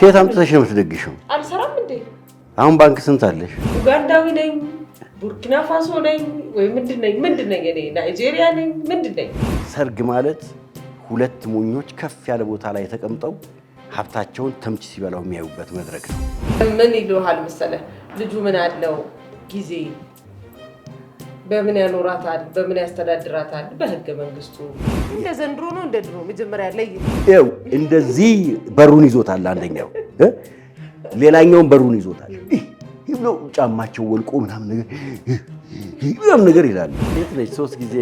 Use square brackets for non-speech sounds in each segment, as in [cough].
ከየት አምጥተሽ ነው የምትደግሽው? አልሰራም እንዴ? አሁን ባንክ ስንት አለሽ? ኡጋንዳዊ ነኝ፣ ቡርኪና ፋሶ ነኝ ወይ ምንድን ነኝ? ምንድን ነኝ? እኔ ናይጄሪያ ነኝ? ምንድን ነኝ? ሰርግ ማለት ሁለት ሞኞች ከፍ ያለ ቦታ ላይ ተቀምጠው ሀብታቸውን ተምች ሲበላው የሚያዩበት መድረክ ነው። ምን ይሉሃል መሰለህ ልጁ ምን አለው ጊዜ በምን ያኖራታል? በምን ያስተዳድራታል? በህገ መንግስቱ እንደ ዘንድሮ ነው እንደ ድሮ መጀመሪያ ላይ ው እንደዚህ በሩን ይዞታል። አንደኛው ሌላኛውን በሩን ይዞታል። ይህ ብሎ ጫማቸው ወልቆ ምናምን ነገር ምናምን ነገር ይላሉ። ሴት ነች ሶስት ጊዜ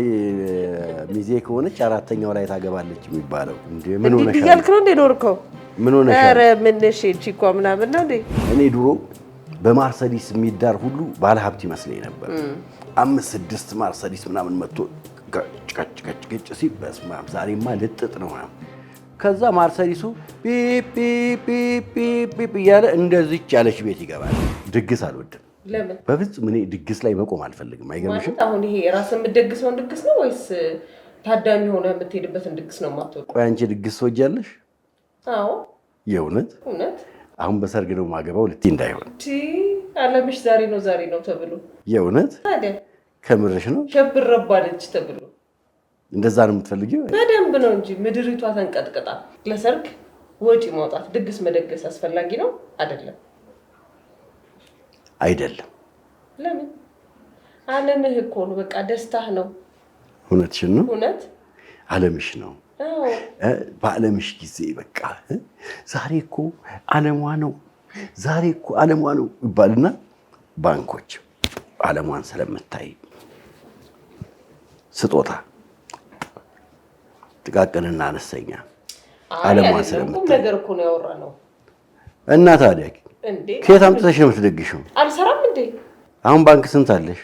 ሚዜ ከሆነች አራተኛው ላይ ታገባለች የሚባለው ምን ሆነሽ እያልክ ነው እንደ ኖርከው ምን ሆነሽ ኧረ ምንሽ ቺኳ ምናምን ነው እንዴ። እኔ ድሮ በማርሰዲስ የሚዳር ሁሉ ባለሀብት ይመስለኝ ነበር። አምስት ስድስት ማርሰዲስ ምናምን መጥቶ ጭቀጭቀጭቅጭ ሲል በስመ አብ ዛሬማ ልጥጥ ነው። ከዛ ማርሰዲሱ ፒፒፒፒፒ እያለ እንደዚች ያለች ቤት ይገባል። ድግስ አልወድም በፍጹም እኔ ድግስ ላይ መቆም አልፈልግም። አይገርምሽም? አሁን ይሄ ራስህ የምትደግሰውን ድግስ ነው ወይስ ታዳሚ ሆነ የምትሄድበትን ድግስ ነው የማትወደው? ቆይ አንቺ ድግስ ትወጃለሽ? አዎ የእውነት እውነት አሁን በሰርግ ነው ማገባው ልቲ እንዳይሆን አለምሽ ዛሬ ነው ዛሬ ነው ተብሎ የእውነት ከምርሽ ነው ሸብረባለች ተብሎ እንደዛ ነው የምትፈልጊው? በደንብ ነው እንጂ ምድሪቷ ተንቀጥቅጣ ለሰርግ ወጪ ማውጣት ድግስ መደገስ አስፈላጊ ነው አይደለም? አይደለም። ለምን አለምህ እኮ ነው። በቃ ደስታህ ነው። እውነትሽን ነው። እውነት አለምሽ ነው። በዓለምሽ ጊዜ በቃ ዛሬ እኮ ዓለሟ ነው፣ ዛሬ እኮ ዓለሟ ነው ይባልና ባንኮች ዓለሟን ስለምታይ ስጦታ ጥቃቅንና አነስተኛ ዓለሟን ስለምታይ ነው እና ታዲያ ከየት አምጥተሽ ነው የምትደግሽው? አልሰራም እንዴ? አሁን ባንክ ስንት አለሽ?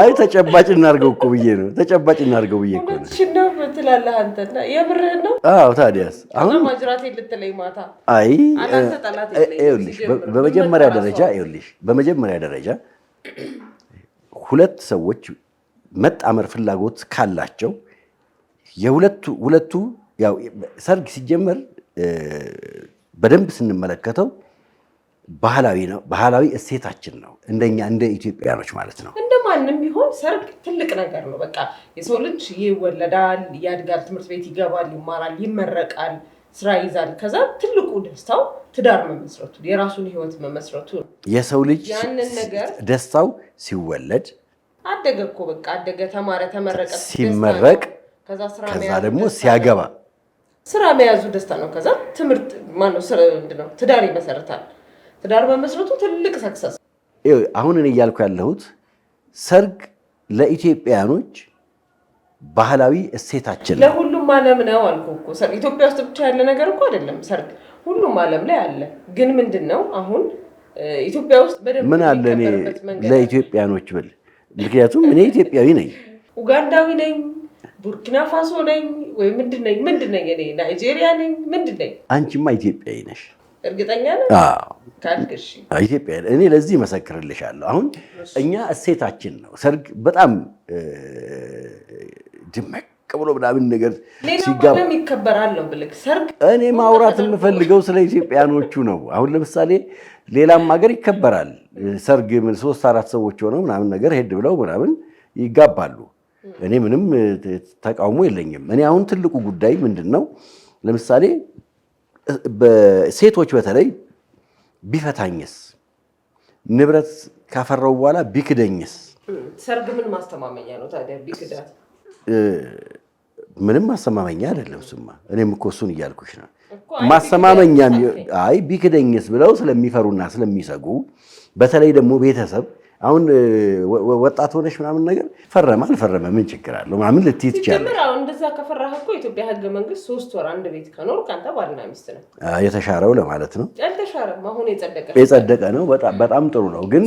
አይ ተጨባጭ እናድርገው እኮ ብዬ ነው። ተጨባጭ እናድርገው ብዬ እኮ ነው። ትላለህ አንተ የምርህን ነው? አዎ። ታዲያስ አሁን ማጅራት ልትለኝ ማታ? አይ ይኸውልሽ፣ በመጀመሪያ ደረጃ ይኸውልሽ፣ በመጀመሪያ ደረጃ ሁለት ሰዎች መጣመር ፍላጎት ካላቸው የሁለቱ ሁለቱ ያው ሰርግ ሲጀመር በደንብ ስንመለከተው ባህላዊ ነው። ባህላዊ እሴታችን ነው፣ እንደኛ እንደ ኢትዮጵያኖች ማለት ነው። ለማንም ቢሆን ሰርግ ትልቅ ነገር ነው። በቃ የሰው ልጅ ይወለዳል፣ ያድጋል፣ ትምህርት ቤት ይገባል፣ ይማራል፣ ይመረቃል፣ ስራ ይዛል። ከዛ ትልቁ ደስታው ትዳር መመስረቱ የራሱን ህይወት መመስረቱ ነው። የሰው ልጅ ደስታው ሲወለድ አደገ እኮ በቃ አደገ፣ ተማረ፣ ተመረቀ፣ ሲመረቅ ከዛ ደግሞ ሲያገባ ስራ መያዙ ደስታ ነው። ከዛ ትምህርት ማነው ትዳር ይመሰረታል። ትዳር መመስረቱ ትልቅ ሰክሰስ። አሁን እኔ እያልኩ ያለሁት ሰርግ ለኢትዮጵያውያኖች ባህላዊ እሴታችን ነው። ለሁሉም ዓለም ነው አልኩህ እኮ ሰርግ ኢትዮጵያ ውስጥ ብቻ ያለ ነገር እኮ አይደለም። ሰርግ ሁሉም ዓለም ላይ አለ። ግን ምንድን ነው አሁን ኢትዮጵያ ውስጥ በደንብ ምን አለ እኔ ለኢትዮጵያኖች ብል፣ ምክንያቱም እኔ ኢትዮጵያዊ ነኝ፣ ኡጋንዳዊ ነኝ፣ ቡርኪና ፋሶ ነኝ ወይ ምንድን ነኝ ምንድን ነኝ? እኔ ናይጄሪያ ነኝ ምንድን ነኝ? አንቺማ ኢትዮጵያዊ ነሽ። እርግጠኛ ነው ኢትዮጵያ እኔ ለዚህ መሰክርልሻለሁ። አሁን እኛ እሴታችን ነው ሰርግ በጣም ድመቅ ብሎ ምናምን ነገር ሲጋባ ይከበራል ነው ሰርግ። እኔ ማውራት የምፈልገው ስለ ኢትዮጵያኖቹ ነው። አሁን ለምሳሌ ሌላም ሀገር ይከበራል ሰርግ፣ ምን ሶስት አራት ሰዎች ሆነው ምናምን ነገር ሄድ ብለው ምናምን ይጋባሉ። እኔ ምንም ተቃውሞ የለኝም። እኔ አሁን ትልቁ ጉዳይ ምንድን ነው ለምሳሌ ሴቶች በተለይ ቢፈታኝስ ንብረት ካፈራው በኋላ ቢክደኝስ? ሰርግ ምን ማስተማመኛ ነው ታዲያ? ቢክዳት ምንም ማስተማመኛ አይደለም። ስማ እኔም እኮ እሱን እያልኩሽ ነው። ማስተማመኛ አይ ቢክደኝስ ብለው ስለሚፈሩና ስለሚሰጉ በተለይ ደግሞ ቤተሰብ አሁን ወጣት ሆነሽ ምናምን ነገር ፈረመ አልፈረመ ምን ችግር አለው ምናምን ልትይ ትችያለሽ። እንደዛ ከፈራህ እኮ ኢትዮጵያ ህገ መንግስት ሶስት ወር አንድ ቤት ከኖር ከአንተ ባልና ሚስት ነው የተሻረው ለማለት ነው። ያልተሻረም አሁን የጸደቀ ነው። በጣም ጥሩ ነው። ግን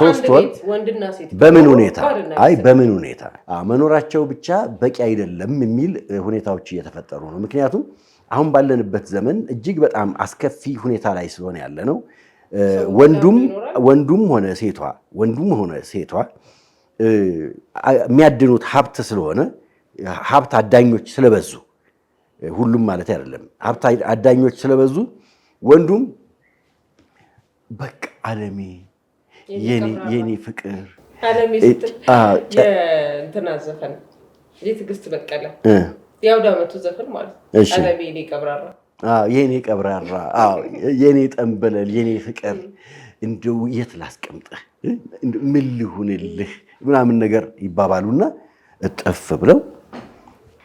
ሶስት ወር ወንድና ሴት በምን ሁኔታ አይ በምን ሁኔታ መኖራቸው ብቻ በቂ አይደለም የሚል ሁኔታዎች እየተፈጠሩ ነው። ምክንያቱም አሁን ባለንበት ዘመን እጅግ በጣም አስከፊ ሁኔታ ላይ ስለሆነ ያለ ነው ወንዱም ሆነ ሴቷ ወንዱም ሆነ ሴቷ የሚያድኑት ሀብት ስለሆነ ሀብት አዳኞች ስለበዙ ሁሉም ማለት አይደለም። ሀብት አዳኞች ስለበዙ ወንዱም በቃ አለሜ የኔ ፍቅር እንትና ዘፈን የትዕግስት በቀለ የአውደ ዓመቱ ዘፈን ማለት ዓለሜ እኔ ቀብራራ የኔ ቀብራራ፣ የኔ ጠንበለል፣ የኔ ፍቅር እንደው የት ላስቀምጥህ፣ ምን ልሁንልህ ምናምን ነገር ይባባሉና እጠፍ ብለው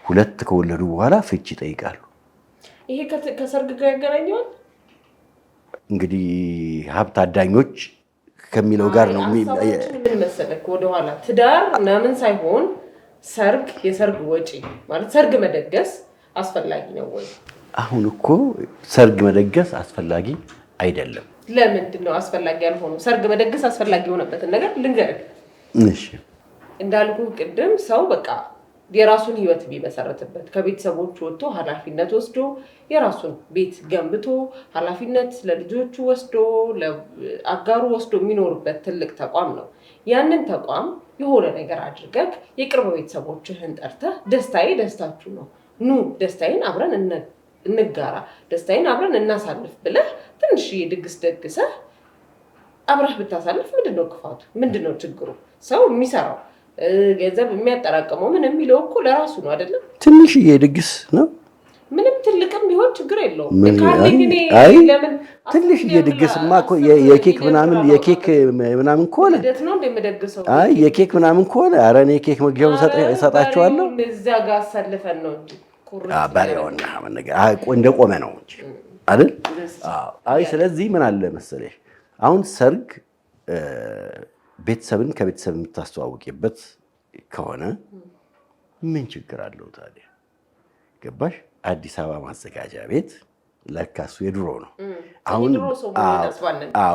ሁለት ከወለዱ በኋላ ፍቺ ይጠይቃሉ። ይሄ ከሰርግ ጋር ያገናኘዋል። እንግዲህ ሀብት አዳኞች ከሚለው ጋር ነው። ምን መሰለህ ወደኋላ ትዳር ምናምን ሳይሆን ሰርግ፣ የሰርግ ወጪ ማለት ሰርግ መደገስ አስፈላጊ ነው ወይ አሁን እኮ ሰርግ መደገስ አስፈላጊ አይደለም። ለምንድን ነው አስፈላጊ ያልሆኑ? ሰርግ መደገስ አስፈላጊ የሆነበትን ነገር ልንገርህ። እሺ እንዳልኩ ቅድም ሰው በቃ የራሱን ህይወት ቢመሰረትበት ከቤተሰቦቹ ወጥቶ ኃላፊነት ወስዶ የራሱን ቤት ገንብቶ ኃላፊነት ለልጆቹ ወስዶ ለአጋሩ ወስዶ የሚኖርበት ትልቅ ተቋም ነው። ያንን ተቋም የሆነ ነገር አድርገህ የቅርብ ቤተሰቦችህን ጠርተህ ደስታዬ ደስታችሁ ነው ኑ ደስታዬን አብረን እንጋራ፣ ደስታዬን አብረን እናሳልፍ ብለህ ትንሽ ድግስ ደግሰህ አብረህ ብታሳልፍ ምንድን ነው ክፋቱ? ምንድን ነው ችግሩ? ሰው የሚሰራው ገንዘብ የሚያጠራቅመው ምን የሚለው እኮ ለራሱ ነው አይደለም? ትንሽዬ ድግስ ነው። ምንም ትልቅም ቢሆን ችግር የለውም። ትንሽዬ ድግስማ የኬክ ምናምን የኬክ ምናምን ከሆነ የኬክ ምናምን ከሆነ ኧረ እኔ የኬክ መግዣውን እሰጣቸዋለሁ እዛ ጋር አሳልፈን ነው እንጂ ባሪያውና እንደ ነው እንጂ አይደል? አይ ስለዚህ ምን አለ መሰለሽ አሁን ሰርግ ቤተሰብን ከቤተሰብ የምታስተዋውቂበት ከሆነ ምን ችግር አለው ታዲያ? ገባሽ? አዲስ አበባ ማዘጋጃ ቤት ለካሱ የድሮ ነው። አሁን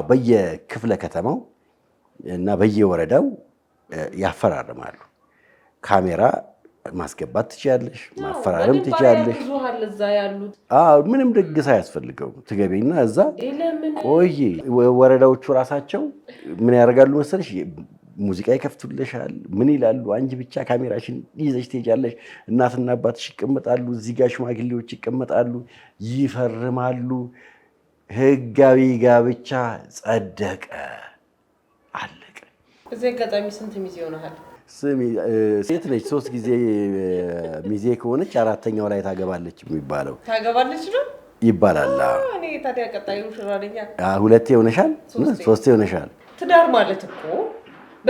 በየክፍለ ከተማው እና በየወረዳው ያፈራርማሉ ካሜራ ማስገባት ትችያለሽ፣ ማፈራረም ትችያለሽ። ምንም ድግስ አያስፈልገውም። ትገቢና እዛ ቆይ ወረዳዎቹ ራሳቸው ምን ያደርጋሉ መሰለሽ ሙዚቃ ይከፍቱልሻል። ምን ይላሉ? አንቺ ብቻ ካሜራሽን ይዘሽ ትሄጃለሽ። እናትና አባትሽ ይቀመጣሉ፣ እዚህ ጋ ሽማግሌዎች ይቀመጣሉ፣ ይፈርማሉ። ህጋዊ ጋብቻ ጸደቀ፣ አለቀ። እዚህ አጋጣሚ ስንት ሚዜ ይሆናል? ሴት ነች። ሶስት ጊዜ ሚዜ ከሆነች አራተኛው ላይ ታገባለች የሚባለው ታገባለች ነው ይባላል። ሁለቴ ሆነሻል፣ ሶስቴ ሆነሻል። ትዳር ማለት እኮ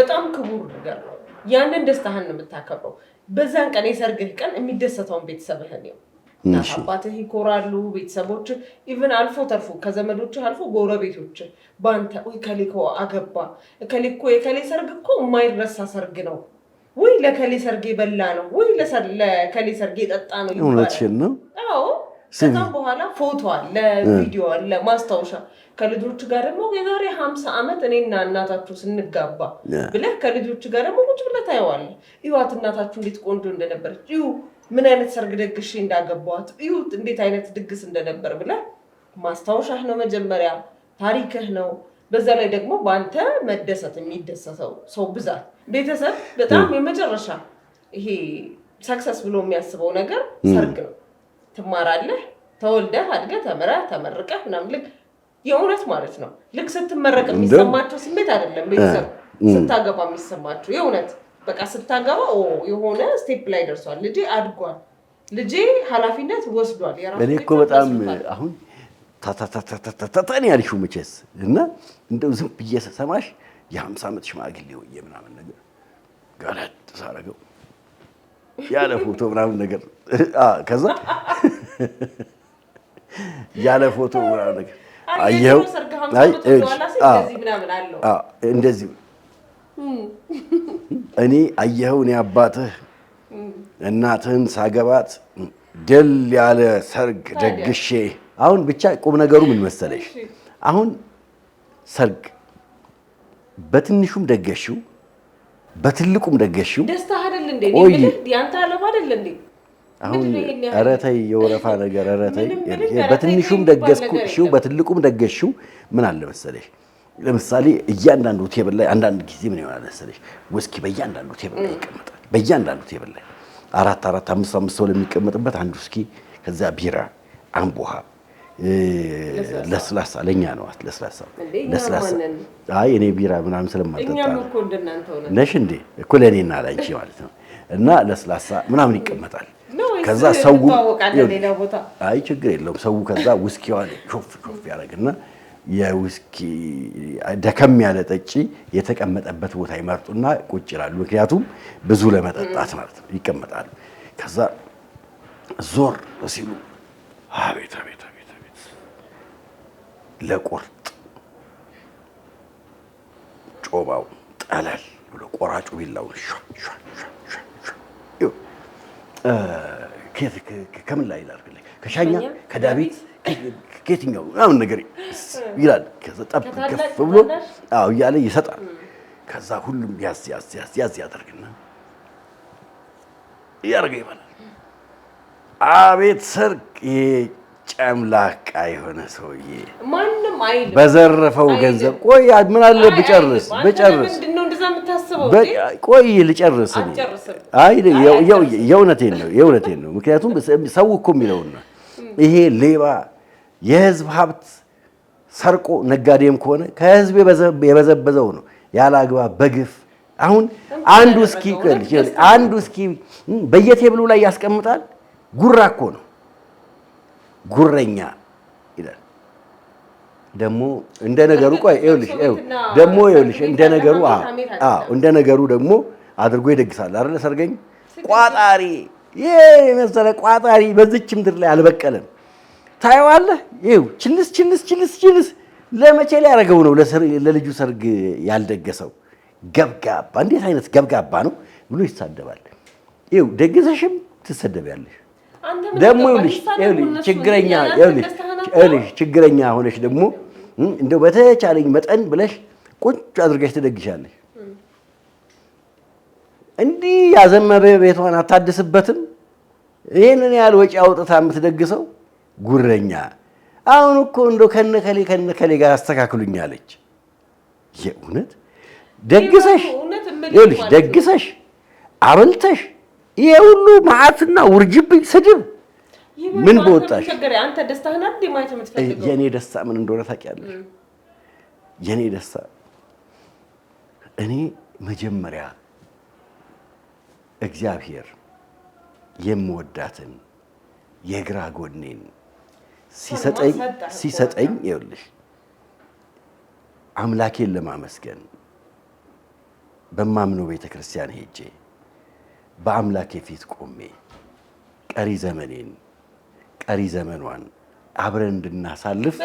በጣም ክቡር ነገር ነው። ያንን ደስታህን ነው የምታከብረው። በዛን ቀን የሰርግህ ቀን የሚደሰተውን ቤተሰብህን ነው አባትህ ይኮራሉ፣ ቤተሰቦች ኢቨን አልፎ ተርፎ ከዘመዶች አልፎ ጎረቤቶች በአንተ ወይ ከሌኮ አገባ ከሌኮ የከሌ ሰርግ እኮ የማይረሳ ሰርግ ነው ወይ ለከሌ ሰርጌ በላ ነው ወይ ለከሌ ሰርጌ ጠጣ ነው ይባላል። ከዛም በኋላ ፎቶ አለ፣ ቪዲዮ አለ፣ ማስታወሻ ከልጆች ጋር ደግሞ የዛሬ ሀምሳ ዓመት እኔና እናታችሁ ስንጋባ ብለህ ከልጆች ጋር ደግሞ ቁጭ ብለህ ታየዋለህ። ይዋት እናታችሁ እንዴት ቆንጆ እንደነበረች ይሁ ምን አይነት ሰርግ ደግሼ እንዳገባት ይሁ እንዴት አይነት ድግስ እንደነበር ብለህ ማስታወሻህ ነው መጀመሪያ ታሪክህ ነው። በዛ ላይ ደግሞ በአንተ መደሰት የሚደሰተው ሰው ብዛት ቤተሰብ በጣም የመጨረሻ ይሄ ሰክሰስ ብሎ የሚያስበው ነገር ሰርግ ነው። ትማራለህ፣ ተወልደህ አድገህ ተምረህ ተመርቀህ ምናምን ልክ የእውነት ማለት ነው። ልክ ስትመረቅ የሚሰማቸው ስሜት አይደለም ቤተሰብ ስታገባ የሚሰማቸው የእውነት በቃ ስታገባ የሆነ ስቴፕ ላይ ደርሷል፣ ልጄ አድጓል፣ ልጄ ኃላፊነት ወስዷል። የራሱ እኔ እኮ በጣም አሁን ታታታታታታታን ያልሽው መቼስ እና እንደው ዝም ብዬ ሰማሽ የሀምሳ ዓመት ሽማግሌ ሆዬ ምናምን ነገር ገለጥ ሳረገው ያለ ፎቶ ምናምን ነገር ከዛ ያለ ፎቶ ምናምን ነገር እንደዚህ እኔ አየኸው እኔ አባትህ እናትህን ሳገባት ድል ያለ ሰርግ ደግሼ አሁን ብቻ ቁም ነገሩ ምን መሰለሽ፣ አሁን ሰርግ በትንሹም ደገሽው በትልቁም ደገሽው ደስታ አይደል እንዴ? ያንተ አለም አይደል እንዴ? አሁን ኧረ ተይ የወረፋ ነገር ኧረ ተይ። በትንሹም ደገስኩሽው በትልቁም ደገሽው ምን አለ መሰለሽ ለምሳሌ እያንዳንዱ ቴብል ላይ አንዳንድ ጊዜ ምን ይሆናል መሰለሽ ውስኪ በእያንዳንዱ ቴብል ላይ ይቀመጣል። በእያንዳንዱ ቴብል ላይ አራት አራት አምስት አምስት ሰው ለሚቀመጥበት አንድ ውስኪ፣ ከዛ ቢራ፣ አምቦ ለስላሳ ለእኛ ነው። ለስላሳ ለስላሳ። አይ እኔ ቢራ ምናምን ስለማልጠጣ ነሽ እንዴ እኮ ለእኔና ላንቺ ማለት ነው። እና ለስላሳ ምናምን ይቀመጣል። ከዛ ሰው አይ ችግር የለውም ሰው ከዛ ውስኪዋን ሾፍ ሾፍ ያደርግና የውስኪ ደከም ያለ ጠጪ የተቀመጠበት ቦታ ይመርጡና ቁጭ ይላሉ። ምክንያቱም ብዙ ለመጠጣት ማለት ነው ይቀመጣሉ። ከዛ ዞር ሲሉ አቤት አቤት ለቁርጥ ጮባው ጠላል ብሎ ቆራጩ ቢላው ከምን ላይ ይላል? ከሻኛ ከዳቤት ከየትኛው ምናምን ነገር ይላል። ከዘጠብ ከፍ ብሎ አዎ እያለ ይሰጣል። ከዛ ሁሉም ያዝ ያዝ ያዝ ያዝ ያደርግና እያደረገ ይበላል። አቤት ሰርግ ጨምላቃ የሆነ ሰውዬ በዘረፈው ገንዘብ ቆይ፣ ምን አለ ብጨርስ ብጨርስ ቆይ ልጨርስ። የእውነቴን ነው የእውነቴን ነው። ምክንያቱም ሰው እኮ የሚለውና ይሄ ሌባ የህዝብ ሀብት ሰርቆ ነጋዴም ከሆነ ከህዝብ የበዘበዘው ነው ያለ አግባብ በግፍ አሁን አንዱ እስኪ አንዱ እስኪ በየቴብሉ ላይ ያስቀምጣል። ጉራ እኮ ነው ጉረኛ ይላል። ደግሞ እንደ ነገሩ ቆይ [laughs] ይኸውልሽ ደግሞ ይኸውልሽ እንደ ነገሩ እንደ ነገሩ ደግሞ አድርጎ ይደግሳል አይደለ? ሰርገኝ ቋጣሪ ይሄ መሰለ ቋጣሪ በዚች ምድር ላይ አልበቀለም። ታየዋለህ፣ ይኸው ችልስ ችልስ ችልስ ችልስ ለመቼ ሊያደርገው ነው ለልጁ ሰርግ ያልደገሰው? ገብጋባ እንዴት አይነት ገብጋባ ነው ብሎ ይሳደባል። ይኸው ደግሰሽም ትሰደቢያለሽ። ደግሞ ይኸውልሽ ችግረኛ ይኸውልሽ ችግረኛ ሆነሽ ደግሞ እንደው በተቻለኝ መጠን ብለሽ ቁጭ አድርገሽ ትደግሻለሽ። እንዲህ ያዘመበ ቤቷን አታድስበትም። ይህንን ያህል ወጪ አውጥታ የምትደግሰው ጉረኛ። አሁን እኮ እንደው ከነከሌ ከነከሌ ጋር አስተካክሉኛለች። የእውነት ደግሰሽ ደግሰሽ አብልተሽ ይሄ ሁሉ መዓትና ውርጅብኝ ስድብ ምን በወጣሽ? የእኔ ደስታ ምን እንደሆነ ታውቂያለሽ? የእኔ ደስታ እኔ መጀመሪያ እግዚአብሔር የምወዳትን የግራ ጎኔን ሲሰጠኝ ሲሰጠኝ ይኸውልሽ አምላኬን ለማመስገን በማምነው ቤተ ክርስቲያን ሄጄ በአምላኬ ፊት ቆሜ ቀሪ ዘመኔን ቀሪ ዘመኗን አብረን እንድናሳልፍ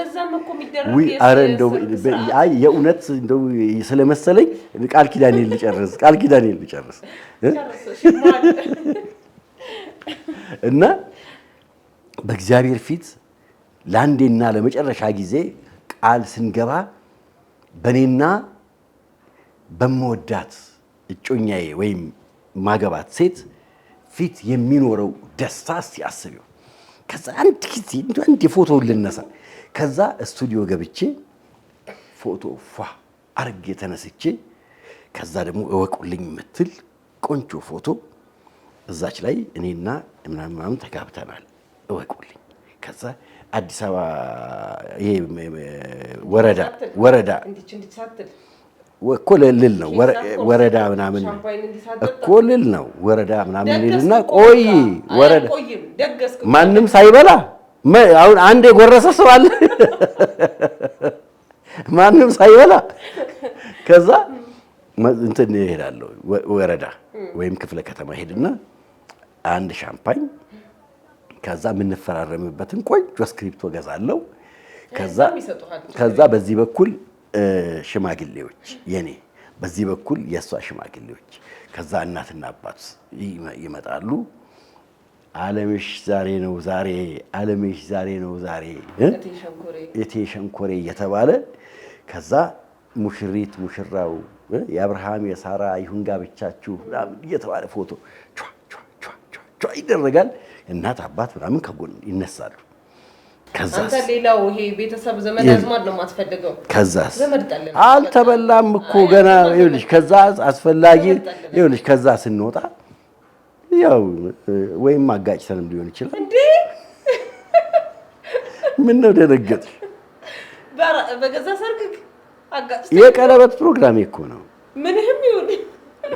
አረ የእውነት ስለመሰለኝ ቃል ኪዳኔን ልጨርስ ቃል ኪዳኔን ልጨርስ [laughs] እና በእግዚአብሔር ፊት ለአንዴና ለመጨረሻ ጊዜ ቃል ስንገባ በእኔና በምወዳት እጮኛዬ ወይም ማገባት ሴት ፊት የሚኖረው ደስታ ሲያስቢው ከዛ አንድ ጊዜ አንድ የፎቶ ልነሳ ከዛ ስቱዲዮ ገብቼ ፎቶ ፏ አርጌ ተነስቼ ከዛ ደግሞ እወቁልኝ የምትል ቆንጆ ፎቶ እዛች ላይ እኔና ምናምን ምናምን ተጋብተናል እወቁልኝ። ከዛ አዲስ አበባ ወረዳ ወረዳ እኮ ልል ነው ወረዳ ምናምን እኮ ልል ነው ወረዳ ምናምን ልልና ቆይ ወረዳ ማንም ሳይበላ አሁን አንድ የጎረሰ ሰው አለ [laughs] ማንም ሳይበላ ከዛ እንትን እሄዳለሁ ወረዳ ወይም ክፍለ ከተማ ሄድና አንድ ሻምፓኝ ከዛ የምንፈራረምበትን ቆንጆ ስክሪፕቶ ገዛለሁ ከዛ በዚህ በኩል ሽማግሌዎች የኔ በዚህ በኩል የእሷ ሽማግሌዎች ከዛ እናትና አባት ይመጣሉ። አለምሽ ዛሬ ነው ዛሬ አለምሽ ዛሬ ነው ዛሬ እቴ ሸንኮሬ እየተባለ ከዛ ሙሽሪት ሙሽራው የአብርሃም የሳራ ይሁን ጋብቻችሁ እየተባለ ፎቶ ይደረጋል። እናት አባት ምናምን ከጎን ይነሳሉ። ከዛስ ሌላው ይሄ ቤተሰብ ዘመድ አዝማድ ነው የማትፈልገው። ከዛስ አልተበላም እኮ ገና። ይኸውልሽ አስፈላጊ ይኸውልሽ ከዛ ስንወጣ ያው ወይም አጋጭተንም ሊሆን ይችላል። እንዴ [laughs] ምን ነው ደነገጥሽ? በገዛ ሰርግ አጋጭተን የቀለበት ፕሮግራም እኮ ነው። ምንህም ይሁን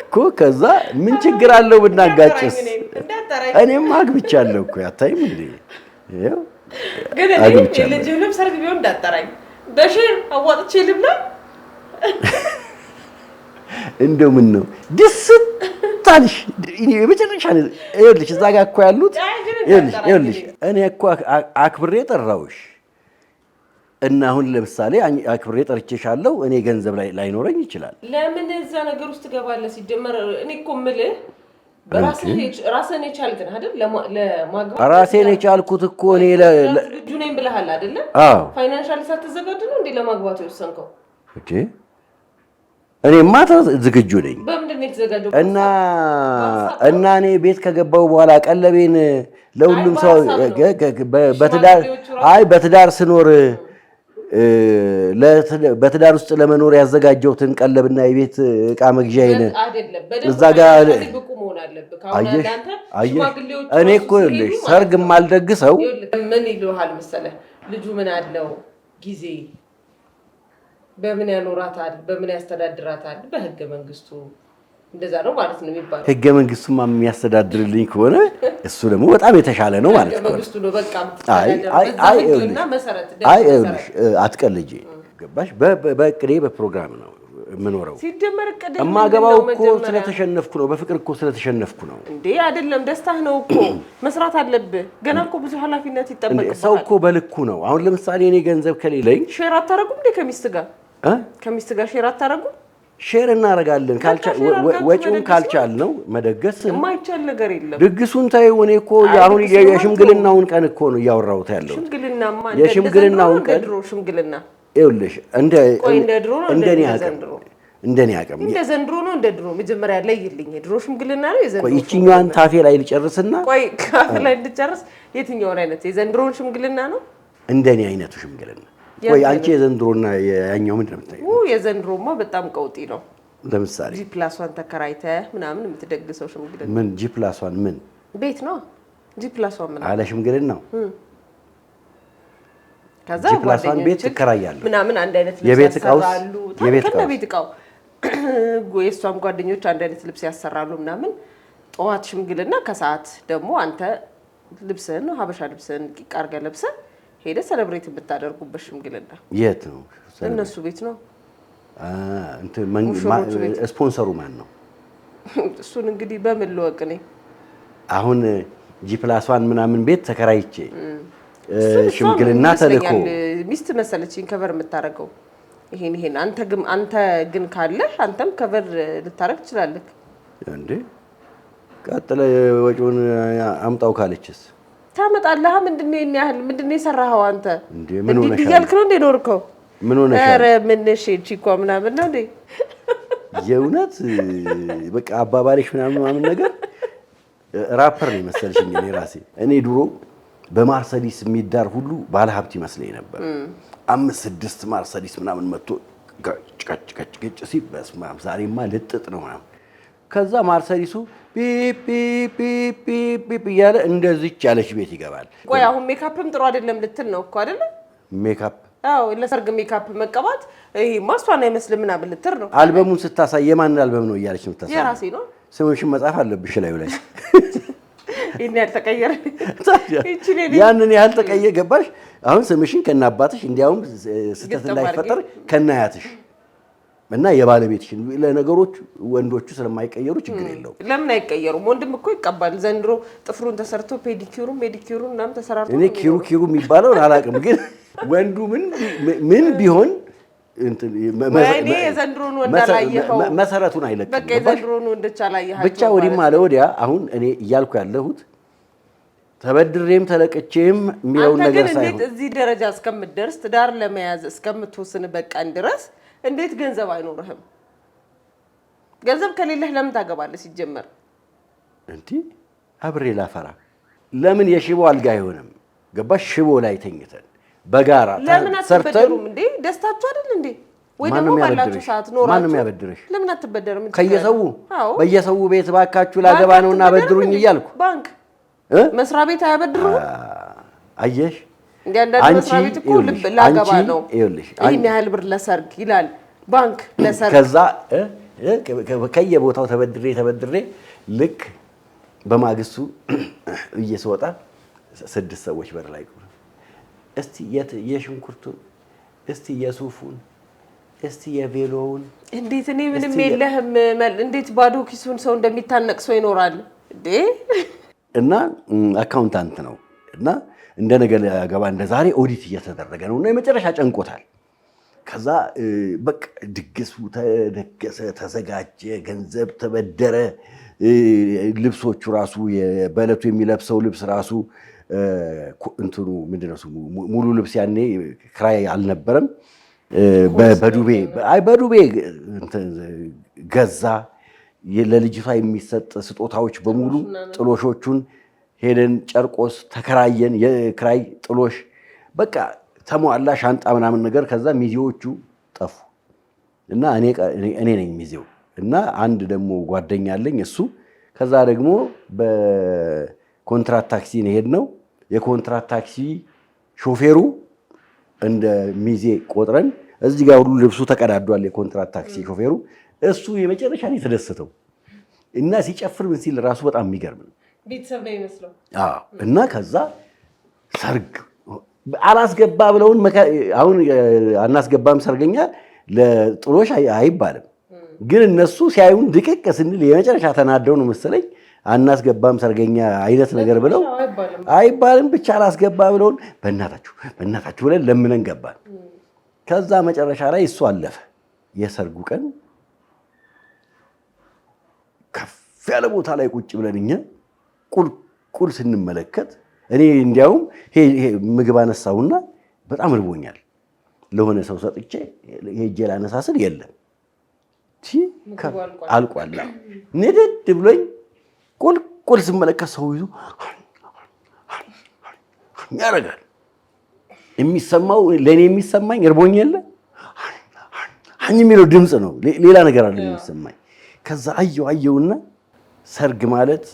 እኮ ከዛ ምን ችግር አለው ብናጋጭስ? እኔም አግብቻለሁ እኮ ያታይም እንዴ ግን ልጅንም ሰርግ ቢሆን እንዳጠራኝ በሽር አዋጥቼ ልብላ። እንደው ምን ነው ደስታ አልሽ? የመጨረሻ ይኸውልሽ፣ እዛ ጋ እኮ ያሉት ይኸውልሽ፣ እኔ እኮ አክብሬ ጠራውሽ እና አሁን ለምሳሌ አክብሬ ጠርቼሻለሁ። እኔ ገንዘብ ላይኖረኝ ይችላል። ለምን እዛ ነገር ውስጥ ገባለ ሲጀመር እኔ እኮ የምልህ ራስህን የቻልክ አይደል? ራሴን የቻልኩት እኮ እኔ ዝግጁ ነኝ ብለሃል አይደለ? ፋይናንሻል ሳትዘጋጅ ነው እንዴ ለማግባት የወሰንከው? እኔማ ዝግጁ ነኝ እና እና እኔ ቤት ከገባው በኋላ ቀለቤን ለሁሉም ሰው በትዳር አይ በትዳር ስኖር በትዳር ውስጥ ለመኖር ያዘጋጀሁትን ቀለብና የቤት መግዣ ይነ እዛ ጋር እኔ እኮ ይኸውልሽ ሰርግ የማልደግሰው ምን ይልሃል መሰለህ፣ ልጁ ምን አለው ጊዜ በምን ያኖራታል፣ በምን ያስተዳድራታል፣ በህገ መንግስቱ እንደዛ ነው ማለት ነው የሚባለው። ህገ መንግስቱም የሚያስተዳድርልኝ ከሆነ እሱ ደግሞ በጣም የተሻለ ነው ማለት ነው። አትቀልጂ፣ ገባሽ? በቅዴ በፕሮግራም ነው የምኖረው። ሲጀመር ቅድ እማገባው እኮ ስለተሸነፍኩ ነው፣ በፍቅር እኮ ስለተሸነፍኩ ነው። እንዴ አይደለም፣ ደስታህ ነው እኮ መስራት አለብህ። ገና እኮ ብዙ ኃላፊነት ይጠበቅብሃል። ሰው እኮ በልኩ ነው። አሁን ለምሳሌ እኔ ገንዘብ ከሌለኝ ሼር አታረጉም እንዴ? ከሚስት ጋር ከሚስት ጋር ሼር አታረጉም ሼር እናደርጋለን። ወጪውን ካልቻል ነው መደገስ የማይቻል ነገር የለም። ድግሱን ታይ እኔ እኮ አሁን የሽምግልናውን ቀን እኮ ነው እያወራሁት ያለው የሽምግልናውን ቀን ይኸውልሽ፣ እንደኔ አቅም እንደኔ አቅም እንደ ዘንድሮ ነው እንደ ድሮ መጀመሪያ ላይ ይልኝ የድሮ ሽምግልና ነው የዘንድሮ ቆይ ይችኛዋን ታፌ ላይ ልጨርስና ቆይ ካፌ ላይ ልጨርስ የትኛውን አይነት የዘንድሮን ሽምግልና ነው እንደኔ አይነቱ ሽምግልና ወይ አንቺ የዘንድሮና ያኛው ምንድን ነው የምታየው? የዘንድሮማ በጣም ቀውጢ ነው። ለምሳሌ ጂ ፕላስ ተከራይተህ ምናምን የምትደግሰው ሽምግልና ምን ጂ ፕላስ ምን ቤት ነው። ጂ ፕላስ ዋን አለ ሽምግልና ነው። ከዛ ጂ ፕላስ ቤት ትከራያለህ ምናምን አንድ አይነት ልብስ ያሰራሉ። ከነ ቤት እቃው [clears throat] የእሷም ጓደኞች አንድ አይነት ልብስ ያሰራሉ ምናምን። ጠዋት ሽምግልና፣ ከሰዓት ደግሞ አንተ ልብስህን ሀበሻ ልብስህን ቂቅ አድርገህ ለብሰህ ሄደ ሰለብሬት የምታደርጉበት ሽምግልና የት ነው? እነሱ ቤት ነው። ስፖንሰሩ ማን ነው? እሱን እንግዲህ በምን ልወቅ? እኔ አሁን ጂፕላስዋን ምናምን ቤት ተከራይቼ ሽምግልና ተልኮ ሚስት መሰለችኝ ከበር የምታደርገው ይሄን ይሄን። አንተ ግን ካለህ አንተም ከበር ልታደረግ ትችላለህ እንዴ? ቀጥለ ወጪውን አምጣው ካለችስ ታመጣለህ። ምንድን ነው ይሄን ያህል ምንድን ነው የሰራኸው አንተ? እንዲህ እያልክ ነው እንደ ኖርከው ምን ሆነሽ? ኧረ ምን እሺ፣ እኮ ምናምን ነው እንዴ? የእውነት በቃ አባባልሽ ምናምን ምናምን ነገር ራፐር ነው የመሰልሽኝ። እኔ ራሴ እኔ ድሮ በማርሰዲስ የሚዳር ሁሉ ባለ ሀብት ይመስለኝ ነበር። አምስት ስድስት ማርሰዲስ ምናምን መጥቶ ጭቀጭቀጭ ሲል በስመ ዛሬማ ልጥጥ ነው ምናምን ከዛ ማርሰሪሱ ፒፒፒፒፒ እያለ እንደዚች ያለች ቤት ይገባል። ቆይ አሁን ሜካፕም ጥሩ አይደለም ልትል ነው እኮ አይደለ? ሜካፕ አዎ፣ ለሰርግ ሜካፕ መቀባት ይሄ ማስፋን አይመስልም ምናምን ልትል ነው። አልበሙን ስታሳይ የማንን አልበም ነው እያለች ነው ታሳይ። የራሴ ነው ስምሽን መጻፍ አለብሽ ላዩ ላይ [laughs] ይህን ያህል ተቀየረ፣ ያንን ያህል ተቀየ ገባሽ። አሁን ስምሽን ከናባትሽ እንዲያውም ስህተት እንዳይፈጠር ከናያትሽ እና የባለቤትሽን ለነገሮች ወንዶቹ ስለማይቀየሩ ችግር የለው ለምን አይቀየሩም? ወንድም እኮ ይቀባል። ዘንድሮ ጥፍሩን ተሰርቶ ፔዲኪሩ ሜዲኪሩ ምናምን ተሰራርቶ እኔ ኪሩ ኪሩ የሚባለውን አላውቅም፣ ግን ወንዱ ምን ቢሆን መሰረቱን አይለቅም። ብቻ ወዲህም አለ ወዲያ። አሁን እኔ እያልኩ ያለሁት ተበድሬም ተለቅቼም የሚለውን ነገር ሳይሆን እዚህ ደረጃ እስከምትደርስ ትዳር ለመያዝ እስከምትወስን በቀን ድረስ እንዴት ገንዘብ አይኖርህም? ገንዘብ ከሌለህ ለምን ታገባለህ? ሲጀመር እንዲህ አብሬ ላፈራ ለምን የሽቦ አልጋ አይሆንም? ገባሽ? ሽቦ ላይ ተኝተን በጋራ ለምን አትበደሩም እንዴ? ደስታችሁ አይደል እንዴ? ወይ ደግሞ ባላችሁ ሰዓት ኖራችሁ ማንም ያበድርሽ? ለምን አትበደርም? ከየሰው በየሰው ቤት ባካችሁ ላገባ ነውና በድሩኝ እያልኩ ባንክ መስሪያ ቤት አያበድሩም? አየሽ ይህን ያህል ብር ለሰርግ ይላል ባንክ ለሰርግ ከዛ ከየቦታው ተበድሬ ተበድሬ ልክ በማግስቱ [clears throat] እየስወጣ ስድስት ሰዎች በር ላይ እስቲ የሽንኩርቱን እስቲ የሱፉን እስቲ የቬሎውን እንዴት እኔ ምንም የለህም እንዴት ባዶ ኪሱን ሰው እንደሚታነቅ ሰው ይኖራል እንዴ? እና አካውንታንት ነው እና እንደ ነገ ገባ እንደ ዛሬ ኦዲት እየተደረገ ነው እና የመጨረሻ ጨንቆታል። ከዛ በቃ ድግሱ ተደገሰ፣ ተዘጋጀ፣ ገንዘብ ተበደረ። ልብሶቹ ራሱ በዕለቱ የሚለብሰው ልብስ ራሱ እንትኑ ምንድነው ስሙ ሙሉ ልብስ ያኔ ክራይ አልነበረም። በዱቤ አይ በዱቤ ገዛ። ለልጅቷ የሚሰጥ ስጦታዎች በሙሉ ጥሎሾቹን ሄደን ጨርቆስ ተከራየን። የክራይ ጥሎሽ በቃ ተሟላ ሻንጣ ምናምን ነገር። ከዛ ሚዜዎቹ ጠፉ እና እኔ ነኝ ሚዜው እና አንድ ደግሞ ጓደኛ አለኝ እሱ። ከዛ ደግሞ በኮንትራት ታክሲ ነው የኮንትራት ታክሲ ሾፌሩ እንደ ሚዜ ቆጥረን እዚህ ጋር ሁሉ ልብሱ ተቀዳዷል። የኮንትራት ታክሲ ሾፌሩ እሱ የመጨረሻ ነው የተደሰተው እና ሲጨፍር ምን ሲል ራሱ በጣም የሚገርም ነው። እና ከዛ ሰርግ አላስገባ ብለውን አሁን አናስገባም ሰርገኛ ለጥሎሽ አይባልም። ግን እነሱ ሲያዩን ድቅቅ ስንል የመጨረሻ ተናደው ነው መሰለኝ አናስገባም ሰርገኛ አይነት ነገር ብለው አይባልም። ብቻ አላስገባ ብለውን በእናታችሁ በእናታችሁ ብለን ለምነን ገባን። ከዛ መጨረሻ ላይ እሱ አለፈ። የሰርጉ ቀን ከፍ ያለ ቦታ ላይ ቁጭ ብለን እኛ ቁልቁል ስንመለከት እኔ እንዲያውም ምግብ አነሳውና በጣም እርቦኛል ለሆነ ሰው ሰጥቼ ሄጄ ላነሳ ስል የለም አልቋላ ንድድ ብሎኝ ቁልቁል ስመለከት ሰው ይዞ ያደርጋል። የሚሰማው ለእኔ የሚሰማኝ እርቦኝ የለ የሚለው ድምፅ ነው። ሌላ ነገር አለ የሚሰማኝ። ከዛ አየው አየውና ሰርግ ማለት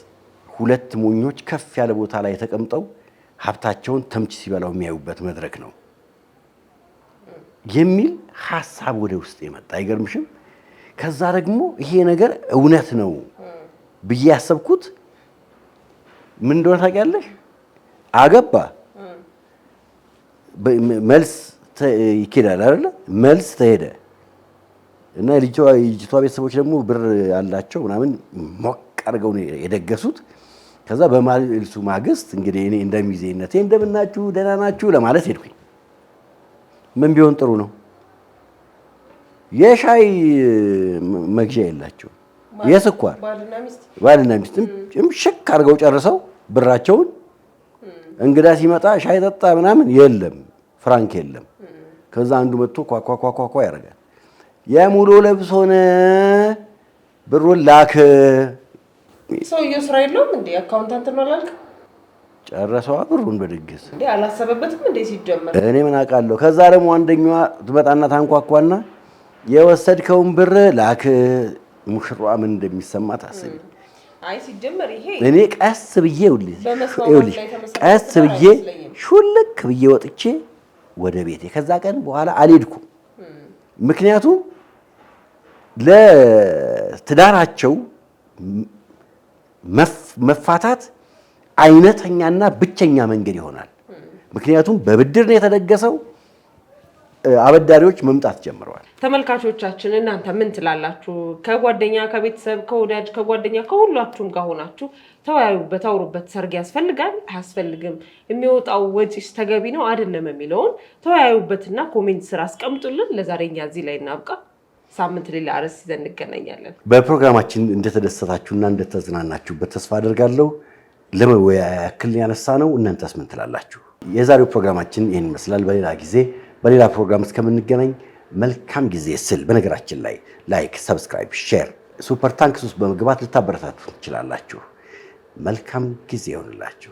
ሁለት ሞኞች ከፍ ያለ ቦታ ላይ ተቀምጠው ሀብታቸውን ተምች ሲበላው የሚያዩበት መድረክ ነው የሚል ሀሳብ ወደ ውስጥ የመጣ አይገርምሽም? ከዛ ደግሞ ይሄ ነገር እውነት ነው ብዬ ያሰብኩት ምን እንደሆነ ታውቂያለሽ? አገባ መልስ ይኬዳል አይደለ? መልስ ተሄደ እና የልጅቷ ቤተሰቦች ደግሞ ብር አላቸው ምናምን ሞቅ አድርገው የደገሱት ከዛ በማልሱ ማግስት እንግዲህ እኔ እንደሚዜነቴ እንደምናችሁ ደህና ናችሁ ለማለት ሄድኩኝ። ምን ቢሆን ጥሩ ነው? የሻይ መግዣ የላቸው የስኳር ባልና ሚስት እምሽክ አድርገው ጨርሰው ብራቸውን እንግዳ ሲመጣ ሻይ ጠጣ ምናምን የለም፣ ፍራንክ የለም። ከዛ አንዱ መጥቶ ኳኳኳኳኳ ያደርጋል። የሙሉ ልብስ ሆነ ብሩን ላክ ሰውዬው ስራ የለውም እንዴ? አካውንታንት ነው አላልክ? ጨረሰዋ ብሩን በድግስ እንዴ? አላሰበበትም እንዴ? ሲጀመር እኔ ምን አውቃለሁ። ከዛ ደግሞ አንደኛዋ ትመጣና ታንኳኳና የወሰድከውን ብር ላክ። ሙሽሯ ምን እንደሚሰማ ታስቢ። እኔ ቀስ ብዬ ይኸውልሽ፣ ቀስ ብዬ ሹልክ ብዬ ወጥቼ ወደ ቤቴ ከዛ ቀን በኋላ አልሄድኩም። ምክንያቱም ለትዳራቸው መፋታት አይነተኛና ብቸኛ መንገድ ይሆናል። ምክንያቱም በብድር ነው የተደገሰው። አበዳሪዎች መምጣት ጀምረዋል። ተመልካቾቻችን እናንተ ምን ትላላችሁ? ከጓደኛ ከቤተሰብ፣ ከወዳጅ፣ ከጓደኛ ከሁላችሁም ጋር ሆናችሁ ተወያዩበት፣ አውሩበት። ሰርግ ያስፈልጋል አያስፈልግም፣ የሚወጣው ወጪስ ተገቢ ነው አይደለም የሚለውን ተወያዩበትና ኮሜንት ስራ አስቀምጡልን። ለዛሬ እኛ እዚህ ላይ እናብቃ። ሳምንት ሌላ ርዕስ ይዘን እንገናኛለን። በፕሮግራማችን እንደተደሰታችሁና እንደተዝናናችሁበት ተስፋ አደርጋለሁ። ለመወያያ ያክል ያነሳ ነው። እናንተስ ምን ትላላችሁ? የዛሬው ፕሮግራማችን ይህን ይመስላል። በሌላ ጊዜ በሌላ ፕሮግራም እስከምንገናኝ መልካም ጊዜ ስል በነገራችን ላይ ላይክ፣ ሰብስክራይብ፣ ሼር ሱፐር ታንክስ ውስጥ በመግባት ልታበረታቱ ትችላላችሁ። መልካም ጊዜ ይሆንላችሁ።